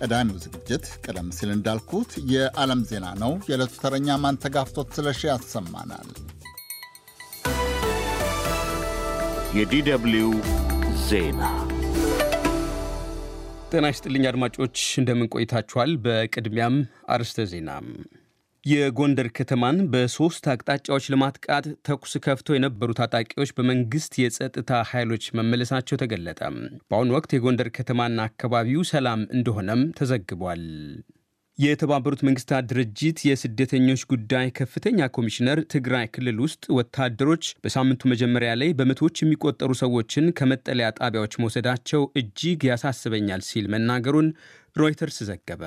ቀዳሚው ዝግጅት ቀደም ሲል እንዳልኩት የዓለም ዜና ነው። የዕለቱ ተረኛ ማንተጋፍቶት ስለሺ ያሰማናል። የዲደብልዩ ዜና ጤና ይስጥልኝ አድማጮች፣ እንደምን ቆይታችኋል? በቅድሚያም አርስተ ዜና የጎንደር ከተማን በሶስት አቅጣጫዎች ለማጥቃት ተኩስ ከፍተው የነበሩ ታጣቂዎች በመንግስት የጸጥታ ኃይሎች መመለሳቸው ተገለጠ። በአሁኑ ወቅት የጎንደር ከተማና አካባቢው ሰላም እንደሆነም ተዘግቧል። የተባበሩት መንግስታት ድርጅት የስደተኞች ጉዳይ ከፍተኛ ኮሚሽነር ትግራይ ክልል ውስጥ ወታደሮች በሳምንቱ መጀመሪያ ላይ በመቶዎች የሚቆጠሩ ሰዎችን ከመጠለያ ጣቢያዎች መውሰዳቸው እጅግ ያሳስበኛል ሲል መናገሩን ሮይተርስ ዘገበ።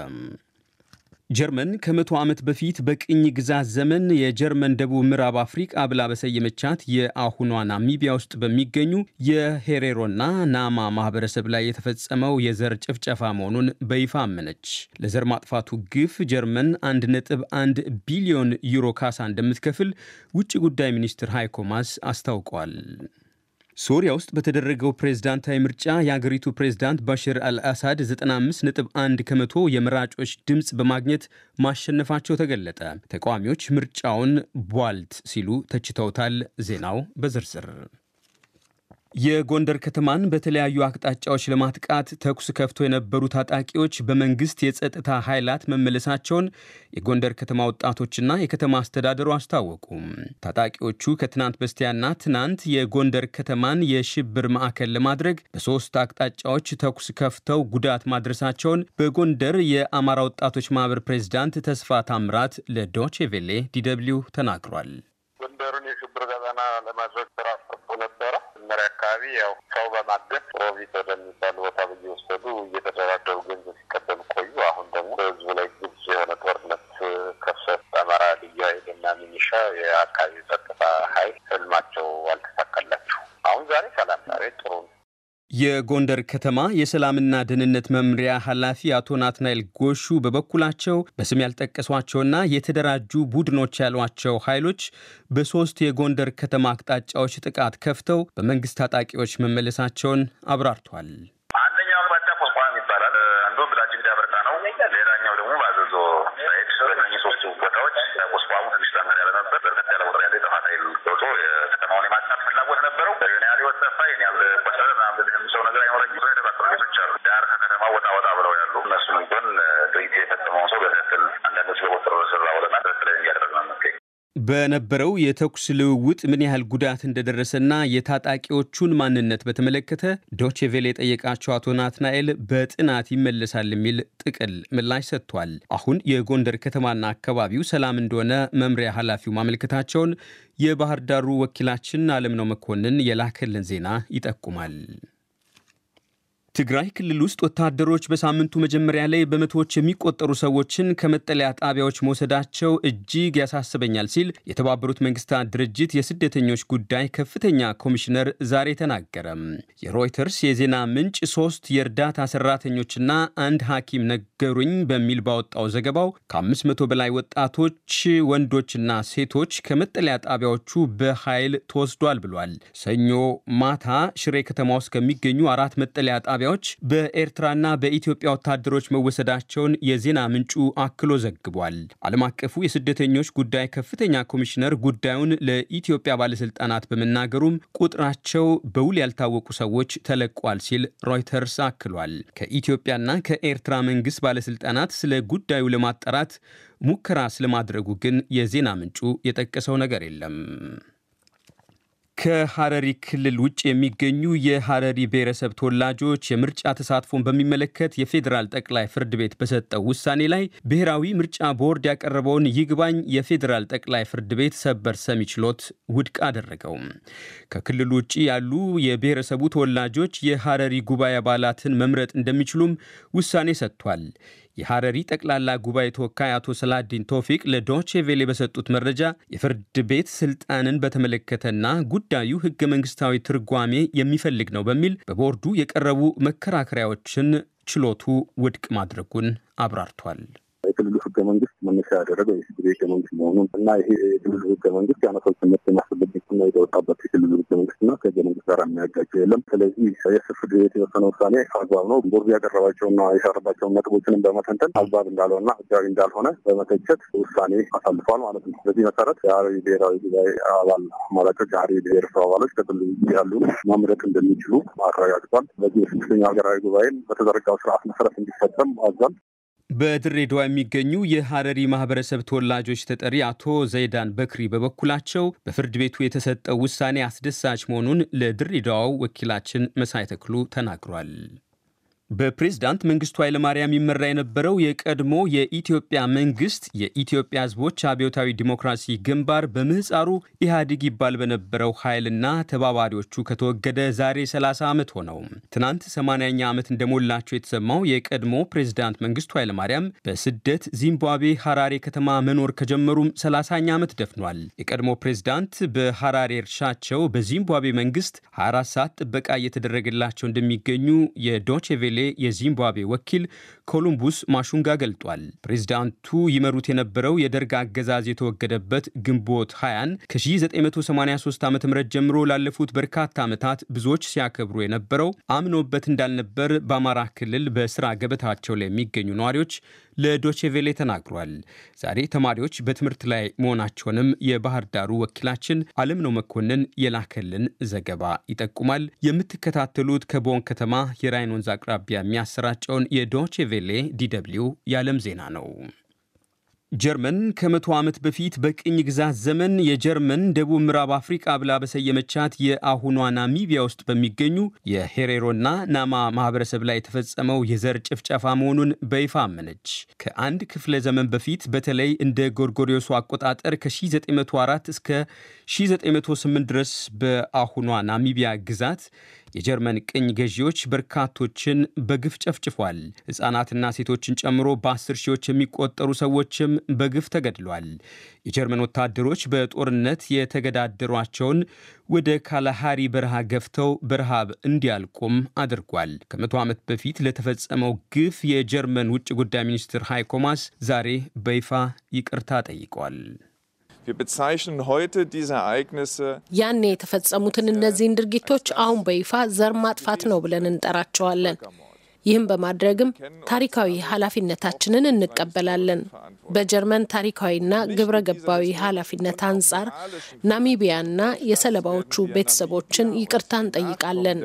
ጀርመን ከመቶ ዓመት በፊት በቅኝ ግዛት ዘመን የጀርመን ደቡብ ምዕራብ አፍሪቃ ብላ በሰየመቻት የአሁኗ ናሚቢያ ውስጥ በሚገኙ የሄሬሮና ናማ ማህበረሰብ ላይ የተፈጸመው የዘር ጭፍጨፋ መሆኑን በይፋ አመነች። ለዘር ማጥፋቱ ግፍ ጀርመን 1.1 ቢሊዮን ዩሮ ካሳ እንደምትከፍል ውጭ ጉዳይ ሚኒስትር ሃይኮ ማስ አስታውቋል። ሶሪያ ውስጥ በተደረገው ፕሬዝዳንታዊ ምርጫ የአገሪቱ ፕሬዝዳንት ባሽር አልአሳድ 95.1 ከመቶ የመራጮች ድምፅ በማግኘት ማሸነፋቸው ተገለጠ። ተቃዋሚዎች ምርጫውን ቧልት ሲሉ ተችተውታል። ዜናው በዝርዝር የጎንደር ከተማን በተለያዩ አቅጣጫዎች ለማጥቃት ተኩስ ከፍቶ የነበሩ ታጣቂዎች በመንግስት የጸጥታ ኃይላት መመለሳቸውን የጎንደር ከተማ ወጣቶችና የከተማ አስተዳደሩ አስታወቁ። ታጣቂዎቹ ከትናንት በስቲያና ትናንት የጎንደር ከተማን የሽብር ማዕከል ለማድረግ በሶስት አቅጣጫዎች ተኩስ ከፍተው ጉዳት ማድረሳቸውን በጎንደር የአማራ ወጣቶች ማህበር ፕሬዝዳንት ተስፋ ታምራት ለዶቼ ቬሌ ዲደብሊው ተናግሯል። ጎንደርን የሽብር ቀጠና ለማድረግ መጀመሪያ አካባቢ ያው ሰው በማገዝ ሮቢት ወደሚባል ቦታ እየወሰዱ እየተደራደሩ ገንዘብ ሲቀበሉ ቆዩ። አሁን ደግሞ በህዝቡ ላይ ግልጽ የሆነ ጦርነት ከፈት። አማራ ልዩ ኃይልና ሚኒሻ የአካባቢ ጸጥታ ኃይል ህልማቸው የጎንደር ከተማ የሰላምና ደህንነት መምሪያ ኃላፊ አቶ ናትናኤል ጎሹ በበኩላቸው በስም ያልጠቀሷቸውና የተደራጁ ቡድኖች ያሏቸው ኃይሎች በሦስት የጎንደር ከተማ አቅጣጫዎች ጥቃት ከፍተው በመንግሥት ታጣቂዎች መመለሳቸውን አብራርቷል። በነበረው የተኩስ ልውውጥ ምን ያህል ጉዳት እንደደረሰና የታጣቂዎቹን ማንነት በተመለከተ ዶችቬል የጠየቃቸው አቶ ናትናኤል በጥናት ይመለሳል የሚል ጥቅል ምላሽ ሰጥቷል። አሁን የጎንደር ከተማና አካባቢው ሰላም እንደሆነ መምሪያ ኃላፊው ማመልከታቸውን የባህር ዳሩ ወኪላችን አለምነው መኮንን የላከልን ዜና ይጠቁማል። ትግራይ ክልል ውስጥ ወታደሮች በሳምንቱ መጀመሪያ ላይ በመቶዎች የሚቆጠሩ ሰዎችን ከመጠለያ ጣቢያዎች መውሰዳቸው እጅግ ያሳስበኛል ሲል የተባበሩት መንግስታት ድርጅት የስደተኞች ጉዳይ ከፍተኛ ኮሚሽነር ዛሬ ተናገረ። የሮይተርስ የዜና ምንጭ ሶስት የእርዳታ ሰራተኞችና አንድ ሐኪም ነገሩኝ በሚል ባወጣው ዘገባው ከ500 በላይ ወጣቶች ወንዶችና ሴቶች ከመጠለያ ጣቢያዎቹ በኃይል ተወስዷል ብሏል። ሰኞ ማታ ሽሬ ከተማ ውስጥ ከሚገኙ አራት መጠለያ ጣቢያ ባለሙያዎች በኤርትራና በኢትዮጵያ ወታደሮች መወሰዳቸውን የዜና ምንጩ አክሎ ዘግቧል። ዓለም አቀፉ የስደተኞች ጉዳይ ከፍተኛ ኮሚሽነር ጉዳዩን ለኢትዮጵያ ባለስልጣናት በመናገሩም ቁጥራቸው በውል ያልታወቁ ሰዎች ተለቋል ሲል ሮይተርስ አክሏል። ከኢትዮጵያና ከኤርትራ መንግስት ባለስልጣናት ስለ ጉዳዩ ለማጣራት ሙከራ ስለማድረጉ ግን የዜና ምንጩ የጠቀሰው ነገር የለም። ከሐረሪ ክልል ውጭ የሚገኙ የሐረሪ ብሔረሰብ ተወላጆች የምርጫ ተሳትፎን በሚመለከት የፌዴራል ጠቅላይ ፍርድ ቤት በሰጠው ውሳኔ ላይ ብሔራዊ ምርጫ ቦርድ ያቀረበውን ይግባኝ የፌዴራል ጠቅላይ ፍርድ ቤት ሰበር ሰሚ ችሎት ውድቅ አደረገው። ከክልሉ ውጭ ያሉ የብሔረሰቡ ተወላጆች የሐረሪ ጉባኤ አባላትን መምረጥ እንደሚችሉም ውሳኔ ሰጥቷል። የሐረሪ ጠቅላላ ጉባኤ ተወካይ አቶ ሰላዲን ቶፊቅ ለዶቼ ቬሌ በሰጡት መረጃ የፍርድ ቤት ስልጣንን በተመለከተና ጉዳዩ ህገ መንግስታዊ ትርጓሜ የሚፈልግ ነው በሚል በቦርዱ የቀረቡ መከራከሪያዎችን ችሎቱ ውድቅ ማድረጉን አብራርቷል። የክልሉ ህገ መንግስት መነሻ ያደረገው የክልሉ ህገ መንግስት መሆኑን እና ይሄ የክልሉ ህገ መንግስት የአመታዊ ትምህርት የማስፈለግ ና የተወጣበት የክልሉ ህገ መንግስት ና ከህገ መንግስት ጋር የሚያጋጨው የለም። ስለዚህ የስር ፍርድ ቤት የወሰነ ውሳኔ አግባብ ነው። ቦርዱ ያቀረባቸው ና የሻረባቸውን ነጥቦችንም በመተንተን አግባብ እንዳለው ና ህጋዊ እንዳልሆነ በመተቸት ውሳኔ አሳልፏል ማለት ነው። በዚህ መሰረት የሀረሪ ብሔራዊ ጉባኤ አባል አማራጮች የሀረሪ ብሔረሰብ አባሎች ከክልሉ ያሉ ማምረት እንደሚችሉ አረጋግጧል። በዚህ ስድስተኛው ሀገራዊ ጉባኤን በተዘረጋው ስርዓት መሰረት እንዲፈጸም አዟል። በድሬዳዋ የሚገኙ የሀረሪ ማህበረሰብ ተወላጆች ተጠሪ አቶ ዘይዳን በክሪ በበኩላቸው በፍርድ ቤቱ የተሰጠው ውሳኔ አስደሳች መሆኑን ለድሬዳዋው ወኪላችን መሳይ ተክሉ ተናግሯል። በፕሬዝዳንት መንግስቱ ኃይለማርያም ይመራ የነበረው የቀድሞ የኢትዮጵያ መንግስት የኢትዮጵያ ህዝቦች አብዮታዊ ዲሞክራሲ ግንባር በምህፃሩ ኢህአዲግ ይባል በነበረው ኃይልና ተባባሪዎቹ ከተወገደ ዛሬ 30 ዓመት ሆነው። ትናንት 80ኛ ዓመት እንደሞላቸው የተሰማው የቀድሞ ፕሬዝዳንት መንግስቱ ኃይለማርያም በስደት ዚምባብዌ ሐራሬ ከተማ መኖር ከጀመሩም 30ኛ ዓመት ደፍኗል። የቀድሞ ፕሬዝዳንት በሐራሬ እርሻቸው በዚምባብዌ መንግስት 24 ሰዓት ጥበቃ እየተደረገላቸው እንደሚገኙ የዶቼ የዚምባብዌ ወኪል ኮሎምቡስ ማሹንጋ ገልጧል። ፕሬዚዳንቱ ይመሩት የነበረው የደርግ አገዛዝ የተወገደበት ግንቦት ሀያን ከ1983 ዓ ም ጀምሮ ላለፉት በርካታ ዓመታት ብዙዎች ሲያከብሩ የነበረው አምኖበት እንዳልነበር በአማራ ክልል በስራ ገበታቸው ላይ የሚገኙ ነዋሪዎች ለዶቼቬሌ ተናግሯል። ዛሬ ተማሪዎች በትምህርት ላይ መሆናቸውንም የባህር ዳሩ ወኪላችን አለምነው መኮንን የላከልን ዘገባ ይጠቁማል። የምትከታተሉት ከቦን ከተማ የራይን ወንዝ አቅራቢያ የሚያሰራጨውን የዶቼቬሌ ዲ ደብልዩ የዓለም ዜና ነው። ጀርመን ከመቶ ዓመት በፊት በቅኝ ግዛት ዘመን የጀርመን ደቡብ ምዕራብ አፍሪቃ ብላ በሰየመቻት የአሁኗ ናሚቢያ ውስጥ በሚገኙ የሄሬሮና ናማ ማህበረሰብ ላይ የተፈጸመው የዘር ጭፍጨፋ መሆኑን በይፋ አመነች። ከአንድ ክፍለ ዘመን በፊት በተለይ እንደ ጎርጎሪዮሱ አቆጣጠር ከ1904 እስከ 1908 ድረስ በአሁኗ ናሚቢያ ግዛት የጀርመን ቅኝ ገዢዎች በርካቶችን በግፍ ጨፍጭፏል። ሕፃናትና ሴቶችን ጨምሮ በአስር ሺዎች የሚቆጠሩ ሰዎችም በግፍ ተገድሏል። የጀርመን ወታደሮች በጦርነት የተገዳደሯቸውን ወደ ካላሃሪ በረሃ ገፍተው በረሃብ እንዲያልቁም አድርጓል። ከመቶ ዓመት በፊት ለተፈጸመው ግፍ የጀርመን ውጭ ጉዳይ ሚኒስትር ሃይኮ ማስ ዛሬ በይፋ ይቅርታ ጠይቋል። ያኔ የተፈጸሙትን እነዚህን ድርጊቶች አሁን በይፋ ዘር ማጥፋት ነው ብለን እንጠራቸዋለን። ይህም በማድረግም ታሪካዊ ኃላፊነታችንን እንቀበላለን። በጀርመን ታሪካዊና ግብረ ገባዊ ኃላፊነት አንጻር ናሚቢያና የሰለባዎቹ ቤተሰቦችን ይቅርታ እንጠይቃለን።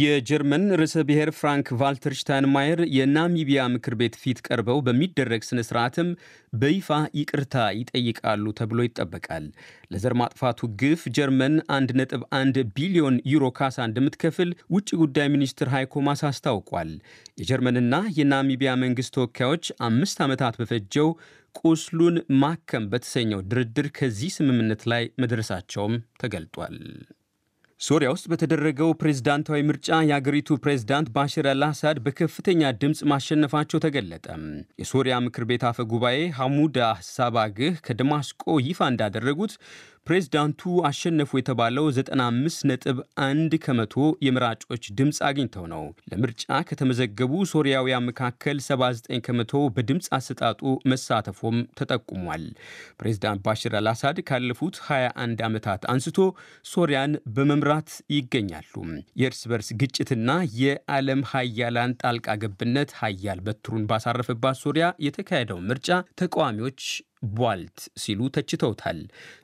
የጀርመን ርዕሰ ብሔር ፍራንክ ቫልተር ሽታይንማየር የናሚቢያ ምክር ቤት ፊት ቀርበው በሚደረግ ስነ ስርዓትም በይፋ ይቅርታ ይጠይቃሉ ተብሎ ይጠበቃል። ለዘር ማጥፋቱ ግፍ ጀርመን 1.1 ቢሊዮን ዩሮ ካሳ እንደምትከፍል ውጭ ጉዳይ ሚኒስትር ሃይኮ ማስ አስታውቋል። የጀርመንና የናሚቢያ መንግስት ተወካዮች አምስት ዓመታት በፈጀው ቁስሉን ማከም በተሰኘው ድርድር ከዚህ ስምምነት ላይ መድረሳቸውም ተገልጧል። ሶሪያ ውስጥ በተደረገው ፕሬዝዳንታዊ ምርጫ የአገሪቱ ፕሬዝዳንት ባሽር አልአሳድ በከፍተኛ ድምፅ ማሸነፋቸው ተገለጠ። የሶሪያ ምክር ቤት አፈ ጉባኤ ሐሙድ አሳባግህ ከደማስቆ ይፋ እንዳደረጉት ፕሬዝዳንቱ አሸነፉ የተባለው 95.1 ከመቶ የመራጮች ድምፅ አግኝተው ነው። ለምርጫ ከተመዘገቡ ሶሪያውያን መካከል 79 ከመቶ በድምፅ አሰጣጡ መሳተፎም ተጠቁሟል። ፕሬዝዳንት ባሽር አልአሳድ ካለፉት 21 ዓመታት አንስቶ ሶሪያን በመምራ በመምራት ይገኛሉ። የእርስ በርስ ግጭትና የዓለም ሀያላን ጣልቃ ገብነት ሀያል በትሩን ባሳረፈባት ሶሪያ የተካሄደው ምርጫ ተቃዋሚዎች ቧልት ሲሉ ተችተውታል።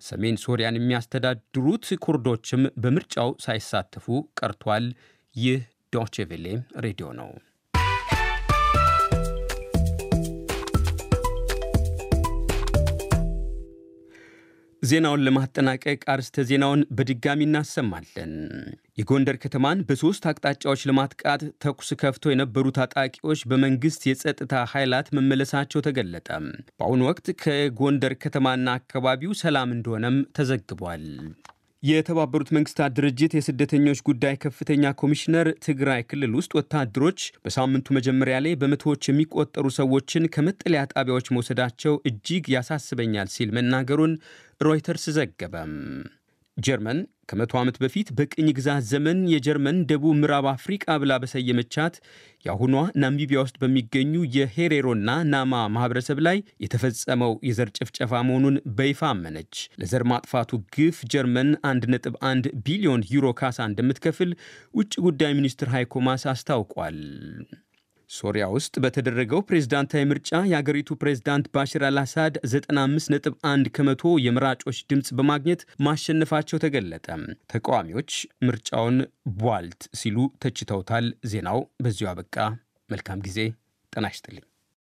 ሰሜን ሶሪያን የሚያስተዳድሩት ኩርዶችም በምርጫው ሳይሳተፉ ቀርቷል። ይህ ዶቼቬሌ ሬዲዮ ነው። ዜናውን ለማጠናቀቅ አርስተ ዜናውን በድጋሚ እናሰማለን። የጎንደር ከተማን በሦስት አቅጣጫዎች ለማጥቃት ተኩስ ከፍቶ የነበሩ ታጣቂዎች በመንግሥት የጸጥታ ኃይላት መመለሳቸው ተገለጠ። በአሁኑ ወቅት ከጎንደር ከተማና አካባቢው ሰላም እንደሆነም ተዘግቧል። የተባበሩት መንግስታት ድርጅት የስደተኞች ጉዳይ ከፍተኛ ኮሚሽነር ትግራይ ክልል ውስጥ ወታደሮች በሳምንቱ መጀመሪያ ላይ በመቶዎች የሚቆጠሩ ሰዎችን ከመጠለያ ጣቢያዎች መውሰዳቸው እጅግ ያሳስበኛል ሲል መናገሩን ሮይተርስ ዘገበም። ጀርመን ከመቶ ዓመት በፊት በቅኝ ግዛት ዘመን የጀርመን ደቡብ ምዕራብ አፍሪቃ ብላ በሰየመቻት የአሁኗ ናሚቢያ ውስጥ በሚገኙ የሄሬሮና ናማ ማህበረሰብ ላይ የተፈጸመው የዘር ጭፍጨፋ መሆኑን በይፋ አመነች። ለዘር ማጥፋቱ ግፍ ጀርመን 1.1 ቢሊዮን ዩሮ ካሳ እንደምትከፍል ውጭ ጉዳይ ሚኒስትር ሃይኮ ማስ አስታውቋል። ሶሪያ ውስጥ በተደረገው ፕሬዝዳንታዊ ምርጫ የአገሪቱ ፕሬዝዳንት ባሽር አልአሳድ 95.1 ከመቶ የምራጮች ድምፅ በማግኘት ማሸነፋቸው ተገለጠ። ተቃዋሚዎች ምርጫውን ቧልት ሲሉ ተችተውታል። ዜናው በዚሁ አበቃ። መልካም ጊዜ። ጤና ይስጥልኝ።